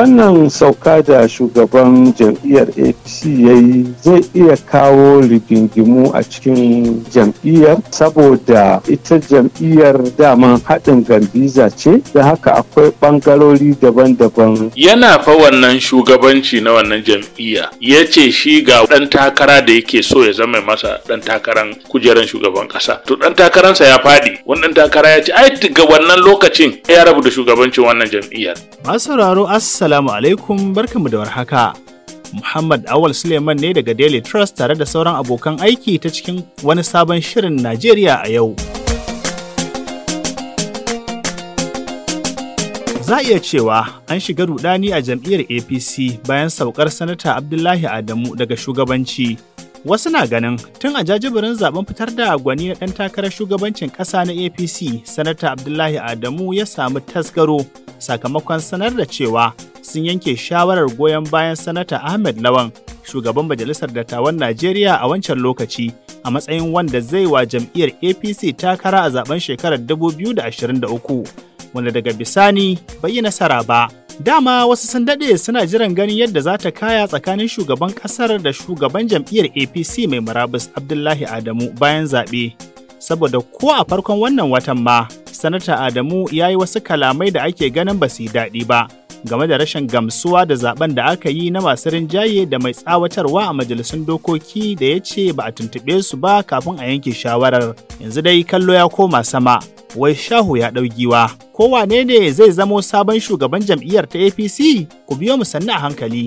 wannan sauka da shugaban jam'iyyar apc ya yi zai iya kawo rigingimu a cikin jam'iyyar saboda ita jam'iyyar daman haɗin gambiza ce da haka akwai ɓangarori daban-daban yana fa wannan shugabanci na wannan jam'iyya ya ce shi ga ɗan takara da yake so ya zama masa ɗan takaran kujeran shugaban ƙasa to ɗan takaransa ya faɗi wani takara ya ce ai daga wannan lokacin ya rabu da shugabancin wannan jam'iyyar masu sauraro assalamu Assalamu alaikum barkanmu da warhaka. Muhammad Awal Suleiman ne daga Daily Trust tare da sauran abokan aiki ta cikin wani sabon shirin Najeriya a yau. Za a iya cewa an shiga rudani a jam'iyyar APC bayan saukar Sanata Abdullahi Adamu daga shugabanci. Wasu na ganin tun a jajibirin zaben fitar da gwani na ɗan takarar shugabancin ƙasa na APC, Sanata Abdullahi Adamu ya samu tasgaro sakamakon sanar da cewa sun yanke shawarar goyon bayan Sanata Ahmed Lawan, shugaban Majalisar Dattawan Najeriya a wancan lokaci, a matsayin wanda zai wa jam'iyyar APC takara a zaben shekarar 2023, wanda daga bisani bai yi nasara ba. Dama wasu sun daɗe suna jiran ganin yadda za ta kaya tsakanin shugaban ƙasar da shugaban jam'iyyar APC mai murabus Abdullahi Adamu bayan zaɓe. Saboda ko a farkon wannan watan ma, Sanata Adamu ya yi wasu kalamai da ake ganin ba su yi daɗi ba game da rashin gamsuwa da zaben da aka yi na masu rinjaye da mai tsawatarwa a majalisun dokoki da ya ce ba a tuntuɓe su ba kafin a yanke shawarar. Yanzu dai kallo ya koma sama. wai shahu ya ɗau giwa. Ko wane ne zai zamo sabon shugaban jam'iyyar ta APC? Ku biyo mu sannu a hankali.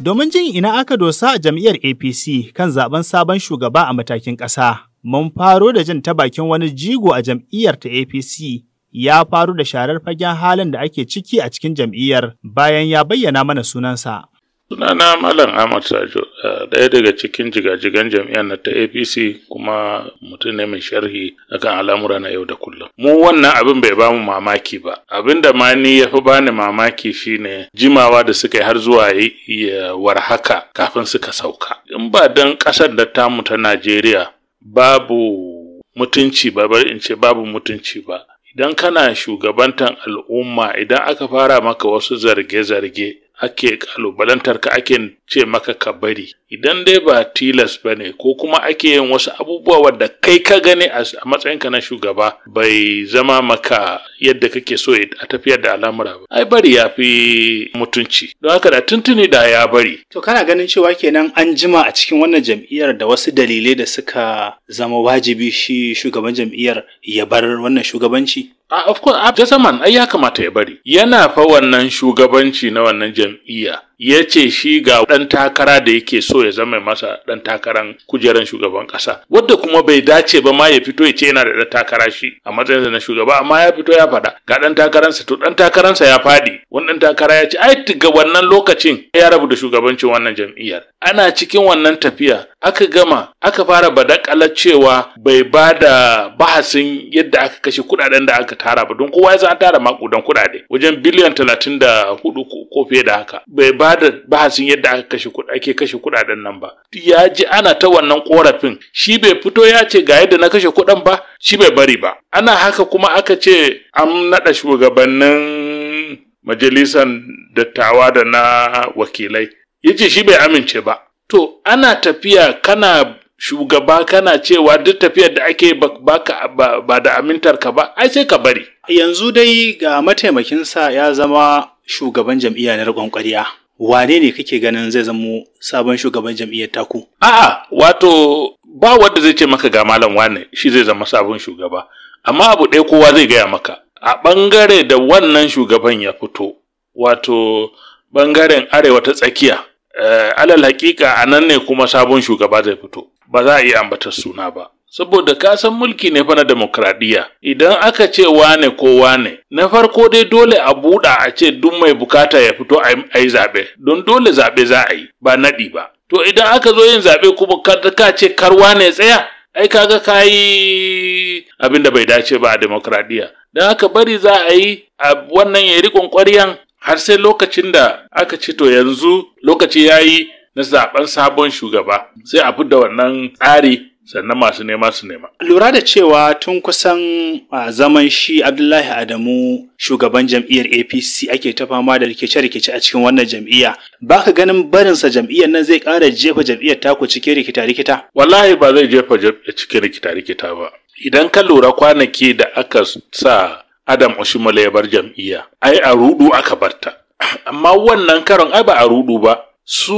Domin jin ina aka dosa a jam'iyyar APC kan zaben sabon shugaba a matakin ƙasa, mun faro da jin ta bakin wani jigo a jam'iyyar ta APC ya faru da sharar fagen halin da ake ciki a cikin jam'iyyar bayan ya bayyana mana sunansa. Sunana Malam Ahmad Sajo, eh, ɗaya daga cikin jigajigan jami'an na ta APC kuma mutum ne mai sharhi akan al'amura na yau da kullum. Mu wannan abin bai ba mu mamaki ba. Abin da ma ni ya fi bani mamaki shine jimawa da suka yi har zuwa ya warhaka kafin suka sauka. In ba dan ƙasar da tamu ta Najeriya babu mutunci ba bar in ce babu mutunci ba. Idan kana shugabantan al'umma idan aka fara maka wasu zarge-zarge ake kalubalantar ka ake ce maka ka bari idan dai ba tilas ba ne ko kuma ake yin wasu abubuwa wadda kai ka gani a matsayinka na shugaba bai zama maka yadda kake so a tafiyar da al'amura ba ai bari ya fi mutunci don haka da tuntuni da ya bari to kana ganin cewa kenan an jima a cikin wannan jam'iyyar da wasu dalilai da suka zama wajibi shi shugaban jam'iyyar ya bar wannan shugabanci a of course a zaman ai ya kamata ya bari yana fa wannan shugabanci na wannan jam'iyya ya ce shi ga ɗan takara da yake so ya zama masa ɗan takaran kujeran shugaban ƙasa wadda kuma bai dace ba ma ya fito ya ce yana da ɗan takara shi a matsayinsa na shugaba amma ya fito ya faɗa ga ɗan takaransa to ɗan takaransa ya faɗi wani ɗan takara ya ce ai ga wannan lokacin ya rabu da shugabancin wannan jam'iyyar ana cikin wannan tafiya aka gama aka fara badakala cewa bai ba da bahasin yadda aka kashe kudaden da aka tara ba don kowa ya san tara makudan kudade wajen biliyan talatin da hudu ko fiye da haka bai ba da bahasin yadda aka kashe ake kashe kudaden nan ba ya ji ana ta wannan korafin shi bai fito ya ce ga yadda na kashe kudan ba shi bai bari ba ana haka kuma aka ce an naɗa shugabannin majalisan dattawa da na wakilai ya ce shi bai amince ba to ana tafiya kana shugaba kana cewa duk tafiyar da ake ba da amintar ka ba ai sai ka bari yanzu dai ga mataimakinsa ya zama shugaban jam'iyya na riƙon kwariya. wane ne kake ganin zai zamo sabon shugaban jam'iyyar taku a'a wato ba wanda zai ce maka ga malam wane shi zai zama sabon shugaba amma abu ɗaya kowa zai gaya maka a ɓangare da wannan shugaban ya fito wato ɓangaren arewa ta tsakiya Eh, alal hakika a nan ne kuma sabon shugaba zai fito ba za a iya ambatar suna ba saboda ka san mulki ne fa na demokradiyya idan aka ce wane ko wane na farko dai dole a buɗa a ce duk mai bukata ya fito a yi zaɓe don dole zaɓe za a yi ba naɗi ba to idan aka zo yin zaɓe kuma ka ce kar wane tsaya ai kaga ka yi abin da bai dace ba a demokradiyya don haka bari za a yi a wannan ya riƙon ƙwaryan har sai lokacin da aka ce to yanzu lokaci ya yi na zaben sabon shugaba sai a fidda wannan tsari sannan masu nema su nema. Lura da cewa tun kusan a zaman shi Abdullahi Adamu shugaban jam'iyyar APC ake ta fama da rikice-rikice a cikin wannan jam'iyya. Ba ka ganin barinsa jam'iyyar nan zai ƙara jefa jam'iyyar taku cikin rikita-rikita? Wallahi ba zai jefa cikin rikita-rikita ba. Idan ka lura kwanaki da aka sa Adam Oshimole ya bar jam'iyya ai a rudu aka barta amma wannan karon ai ba a rudu ba su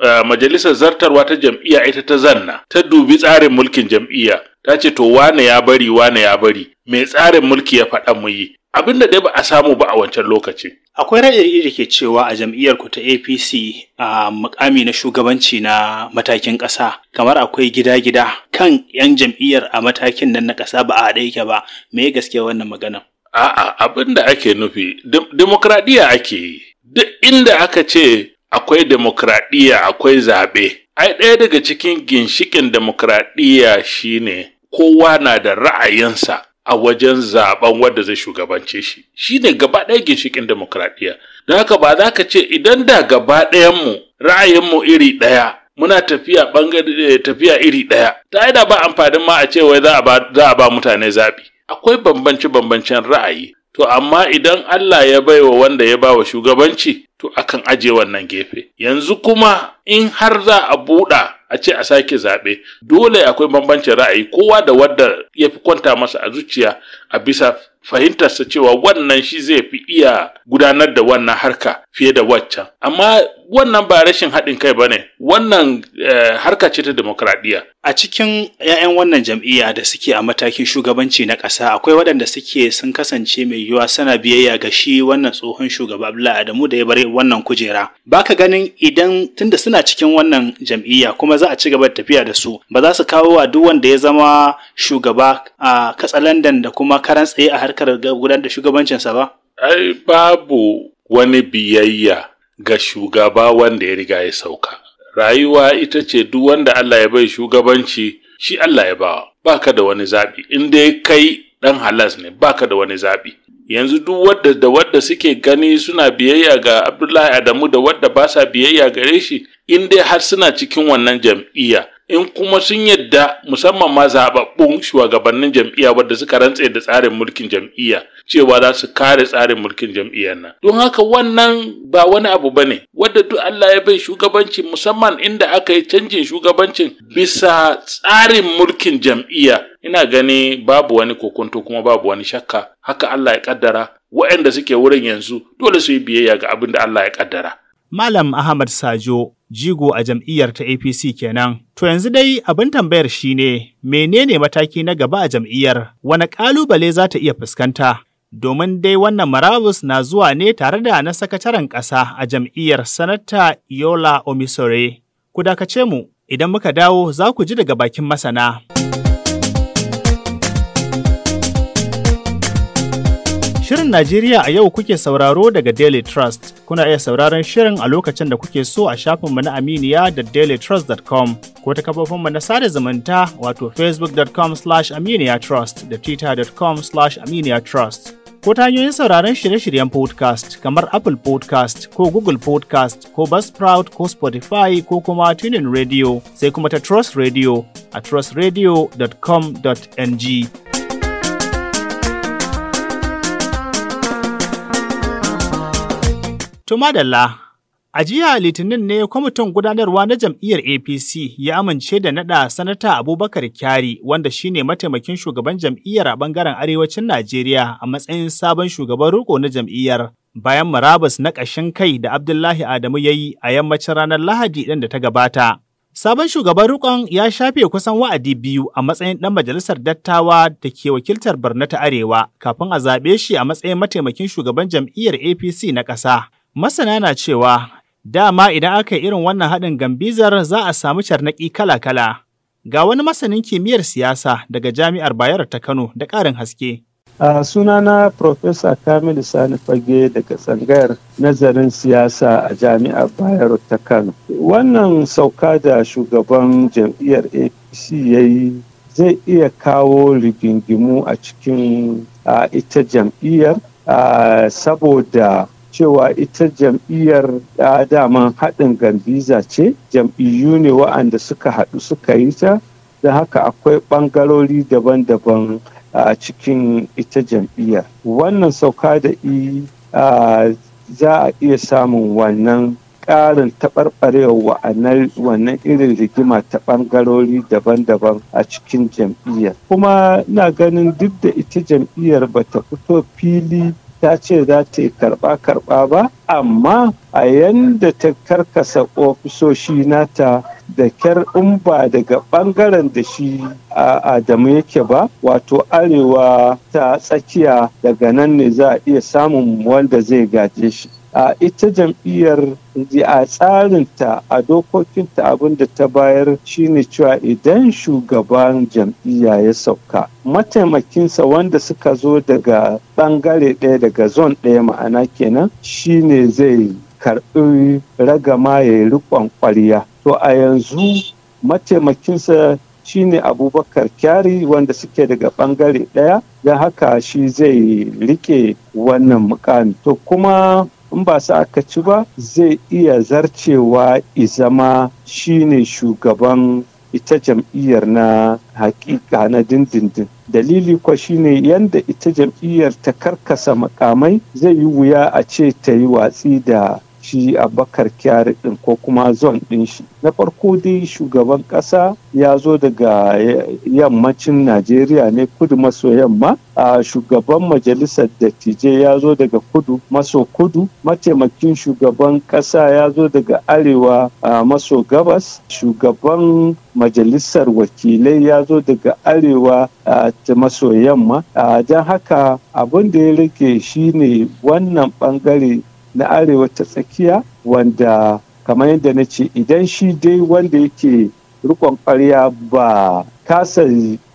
uh, majalisar zartarwa ta jam'iyya ita ta zanna ta dubi tsarin mulkin jam'iyya ta ce to wane ya bari wane ya bari mai tsarin mulki ya faɗa mu yi abinda dai ba a samu ba a wancan lokaci Akwai ra'ayi da ke cewa a jam'iyyar ku ta APC a mukami na shugabanci na matakin ƙasa kamar akwai gida-gida kan 'yan jam'iyyar a matakin nan na ƙasa ba a haɗe yake ba me ya gaske wannan magana? A'a abin da ake nufi demokradiyya ake yi duk inda aka ce akwai demokradiyya akwai zaɓe ai ɗaya daga cikin ginshikin demokradiyya shine kowa na da ra'ayinsa a wajen zaben wanda zai shugabance shi shi ne gaba ɗaya ginshikin demokradiyya don haka ba za ka ce idan da gaba ɗayanmu ra'ayinmu iri ɗaya muna tafiya bangare eh, tafiya iri ɗaya ta da ba amfanin ma a ce wai za a ba mutane zaɓi akwai bambance bambancen ra'ayi to amma idan Allah ya baiwa wanda ya bawa shugabanci to akan aje wannan gefe yanzu kuma in har za a buɗa a ce a sake zaɓe dole akwai bambancin ra'ayi kowa da wadda ya fi kwanta masa a zuciya a bisa fahimtarsa cewa wannan shi zai fi iya gudanar da wannan harka fiye da waccan amma wannan ba rashin haɗin kai ba ne wannan eh, harka ce ta demokradiyya a cikin 'ya'yan wannan jam'iyya da suke a matakin shugabanci na ƙasa akwai waɗanda suke sun kasance mai yiwuwa sana biyayya ga shi wannan tsohon shugaba Abdullahi Adamu da ya bar wannan kujera Ba ka ganin idan tunda suna suna cikin wannan jam'iyya kuma za a ci gaba da tafiya da su ba za su kawo wa duk wanda ya zama shugaba a katsalandan da kuma karan tsaye a harkar gudanar da shugabancinsa ba ai babu wani biyayya ga shugaba wanda ya riga ya sauka rayuwa ita ce duk wanda Allah ya bai shugabanci shi Allah ya bawa baka da wani zaɓi in dai kai ɗan halas ne baka da wani zaɓi yanzu duk wadda da wadda suke gani suna biyayya ga Abdullahi Adamu da wadda ba sa biyayya gare shi in dai har suna cikin wannan jam'iyya in kuma sun yadda musamman ma zababbun shugabannin jam'iyya wadda suka rantse da tsarin mulkin jam'iyya cewa za su kare tsarin mulkin jam'iyyar nan don haka wannan ba wani abu bane wadda duk Allah ya bai shugabanci musamman inda aka yi canjin shugabancin bisa tsarin mulkin jam'iyya ina gani babu wani kokonto kuma babu wani shakka haka Allah ya kaddara waɗanda suke wurin yanzu dole su yi biyayya ga abin da Allah ya kaddara Malam Ahmad Sajo jigo a jam'iyyar ta APC kenan. To yanzu dai abin tambayar shi shine menene mataki na gaba a jam'iyyar wani ƙalubale za ta iya fuskanta? Domin dai wannan marabus na zuwa ne tare da na sakataren ƙasa a jam'iyyar sanata Yola Omisore. Ku dakace mu idan muka dawo za ku ji daga bakin masana. Shirin Najeriya a yau kuke sauraro daga Daily Trust. Kuna iya sauraron shirin a lokacin da kuke so a shafinmu na Aminiya da dailytrust.com ko ta kafofinmu na sada zumunta wato facebook.com slash aminiyatrust da twitter.com slash aminiyatrust. Ko ta hanyoyin sauraron shirye-shiryen podcast kamar Apple podcast ko Google podcast ko Buzzsprout ko Spotify ko kuma Tunin Radio sai kuma ta Trust Radio a trustradio.com.ng. To madalla, a jiya Litinin ne kwamitin gudanarwa na jam'iyyar APC ya amince da naɗa sanata Abubakar Kyari wanda shine mataimakin shugaban jam'iyyar a bangaren arewacin Najeriya a matsayin sabon shugaban riko na jam'iyyar. Bayan murabus na ƙashin kai da Abdullahi Adamu ya yi a yammacin ranar Lahadi ɗin da ta gabata. Sabon shugaban rukon ya shafe kusan wa'adi biyu a matsayin ɗan majalisar dattawa da ke wakiltar Barna ta Arewa kafin a zaɓe shi a matsayin mataimakin shugaban jam'iyyar APC na ƙasa. Masana na cewa dama idan aka yi irin wannan haɗin gambizar za a samu carnaƙi kala-kala. Ga wani masanin kimiyyar siyasa daga Jami'ar Bayero ta Kano da ƙarin haske. A sunana Profesa Kamilu Sani Fage daga tsangayar nazarin siyasa a Jami'ar Bayero ta Kano. Wannan sauka da shugaban jam'iyyar APC ya yi zai iya kawo rigingimu a cikin a ita jam'iyyar uh, saboda cewa ita jam'iyyar daman haɗin gambiza ce jam'iyyu ne wa'anda suka haɗu suka yi ta da haka akwai ɓangarori daban-daban a cikin ita jam'iyyar wannan sauka da i za a iya samun wannan ƙarin taɓarɓarewa wannan irin rigima ta ɓangarori daban-daban a cikin jam'iyyar kuma na ganin duk da ita jam'iyyar ba ta fito fili ta ce za ta yi karɓa-karɓa ba amma a yanda ta karkasa ofisoshi nata da kyar in ba daga ɓangaren da shi a adamu yake ba wato arewa ta tsakiya daga nan ne za a iya samun wanda zai gaje shi a ita jam'iyyar a tsarinta a dokokinta abin da ta bayar shine cewa idan shugaban jam'iyya ya sauka mataimakinsa wanda suka zo daga bangare ɗaya daga zon ɗaya ma'ana kenan shine zai karɓi ragama ya yi riƙon ƙwarya to a yanzu mataimakinsa shine abubakar kyari wanda suke daga bangare ɗaya don haka shi zai riƙe wannan mukami to kuma in ba su aka ci ba zai iya zarcewa izama shine shugaban ita jam'iyyar na hakika na dindindin dalili kwa shine yadda ita jam'iyyar ta karkasa makamai zai yi wuya a ce ta yi watsi da shi bakar kyari din ko kuma zon din shi na farko dai shugaban ƙasa ya zo daga yammacin najeriya ne kudu maso yamma a shugaban majalisar dattijai ya zo daga kudu maso kudu mataimakin shugaban ƙasa ya zo daga arewa maso gabas shugaban majalisar wakilai ya zo daga arewa ta maso yamma a don haka abin da ya rage shine wannan bangare na arewa ta tsakiya wanda kamar yadda na ce idan shi dai wanda yake rikon ƙarya ba kasa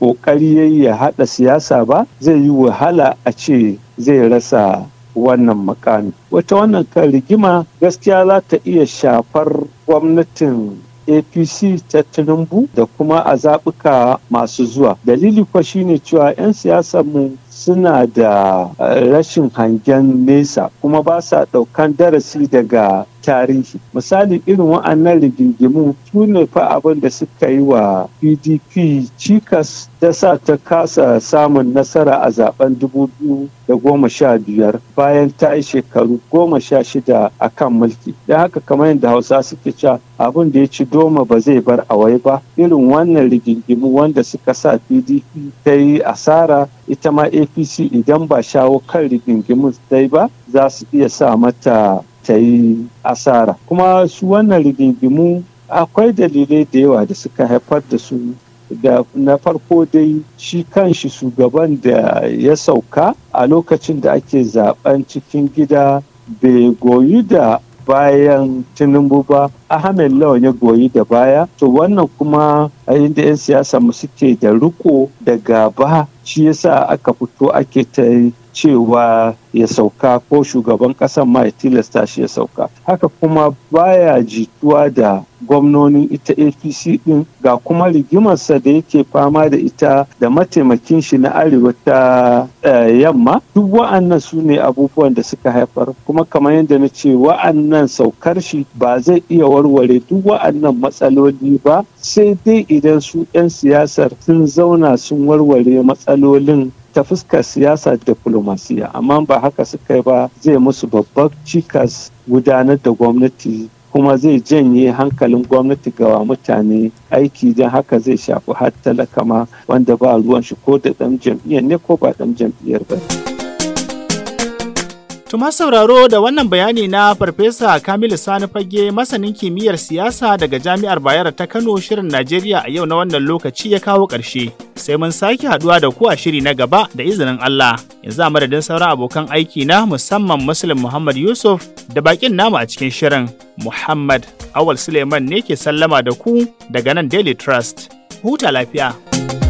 ƙoƙari ya haɗa siyasa ba zai yi wahala a ce zai rasa wannan makami wata wannan kan rigima gaskiya za ta iya shafar gwamnatin apc ta tinubu da kuma a zaɓuka masu zuwa dalili kwa shine cewa 'yan siyasar mu suna da eh, rashin hangen nesa kuma ba sa ɗaukan darasi daga tarin shi misali irin wa'annan rigingimu su ne fa abin da suka yi wa pdp cikas ta sa ta kasa samun nasara a zaben 2015 bayan ta yi shekaru 16 a kan mulki don haka kamar yadda hausa suke cewa abin da ya ci doma ba zai bar awai ba irin wannan rigingimu wanda suka sa pdp ta yi asara ita ma apc idan ba shawo kan rigingimu ta ba za su iya sa mata ta yi asara kuma su wannan rigingimu akwai dalilai da yawa da suka haifar da su da na farko dai shi kanshi shugaban da ya sauka a lokacin da ake zaben cikin gida bai goyi da bayan tinubu ba ahmed lawan ya goyi da baya to wannan kuma a inda 'yan siyasa mu suke da riko da gaba shi yasa aka fito ake ta cewa ya sauka ko shugaban ƙasan ma ya tilasta shi ya sauka haka kuma baya jituwa da gwamnonin ita apc din ga kuma rigimarsa da yake fama da ita da mataimakin shi na arewa ta eh, yamma duk wa'annan su ne abubuwan da suka haifar kuma kamar yadda na ce wa'annan saukar shi ba zai iya warware duk wa'annan matsaloli ba sai dai idan su 'yan siyasar sun zauna sun warware matsalolin ta fuskar siyasa diplomasiya amma ba haka suka yi ba zai musu babbar cikas gudanar da gwamnati kuma zai janye hankalin gwamnati ga mutane aiki don haka zai shafi har talaka wanda ba ruwan shi ko da ɗan jam'iyyar ne ko ba ɗan jam'iyyar ba. Tuma sauraro da wannan bayani na Farfesa Kamilu Sani Fage masanin kimiyyar siyasa daga Jami'ar Bayero ta Kano shirin Najeriya a yau na wannan lokaci ya kawo ƙarshe. Sai mun sake haɗuwa da ku a shiri na gaba da izinin Allah. Yanzu a madadin sauran abokan aiki na musamman Muslim Muhammad Yusuf da baƙin namu a cikin shirin. Muhammad Awal Suleiman ne ke sallama da ku daga nan Daily Trust. Huta lafiya.